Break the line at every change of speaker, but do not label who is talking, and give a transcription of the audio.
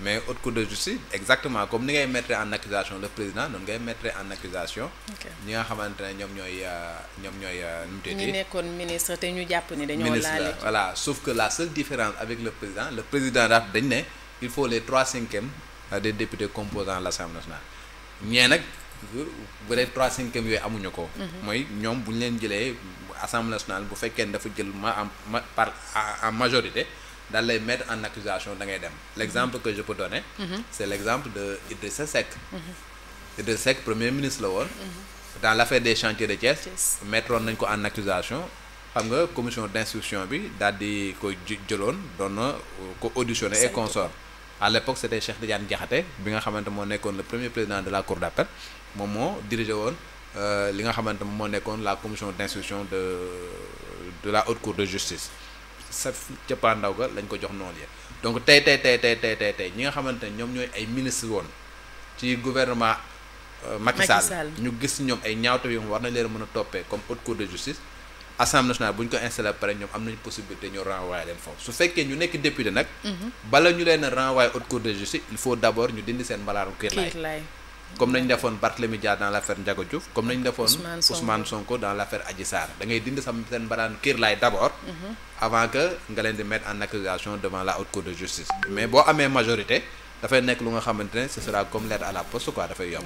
mais haute cour de justice exactement comme nous allons mettre en accusation le président nous allons mettre en accusation Nous nga xamante ne ñoom Nous euh, ñoom euh, ministre voilà sauf que la seule différence avec le président le président a dañ qu'il il faut les trois cinquièmes euh, des députés composant l'Assemblée nationale Nous allons, bu 3 trois cinquièmes yooyu amuñu ko mhm. mooy ñoom bu leen l'Assemblée nationale bu faire ne par en majorité d'aller mettre en accusation dans les dames l'exemple que je peux donner mhm. c'est l'exemple de de Idrissa Seck mhm. Idrissa premier ministre mhm. dans l'affaire des chantiers de Thiès mettre en accusation xam nga commission d'instruction bi daal di ko jëloon doon euh, ko auditionné et consort à l'époque c'était Cheikh Tidiane Diakhaté bi nga xamante mo le premier président de la cour d'appel moment dirigeant moo dirigé euh, li nga mo la commission d'instruction de de la haute cour de justice sa cëppaandaw ga lañ ko jox noonu ya donc tey tey tey tey tey ñi nga xamante ne ñoom ñooy ay ministre woon ci gouvernement euh, Macky Sall ñu gis ñoom ay ñaawte yu war na leen mën a toppee comme haute cour de justice assemblée nationale bu ñu ko installé pare ñoom am nañu possibilité ñu renvoyer leen foofu su fekkee ñu nekk député nag mhm. bala ñu leen a renvoyer haute de justice il faut d' ñu dindi seen mbalaanu kiir laay comme nous avons fait Barthélemy Dia dans l'affaire Ndiago Ndiaga Diouf comme avons fait Ousmane Sonko dans l'affaire Adjissar. Adji avons da ngay dind sam d'abord, mhm. avant que nga leen mettre en accusation devant la haute cour de justice mais à ma majorité majorité, ce sera comme l'air à la poste quoi voilà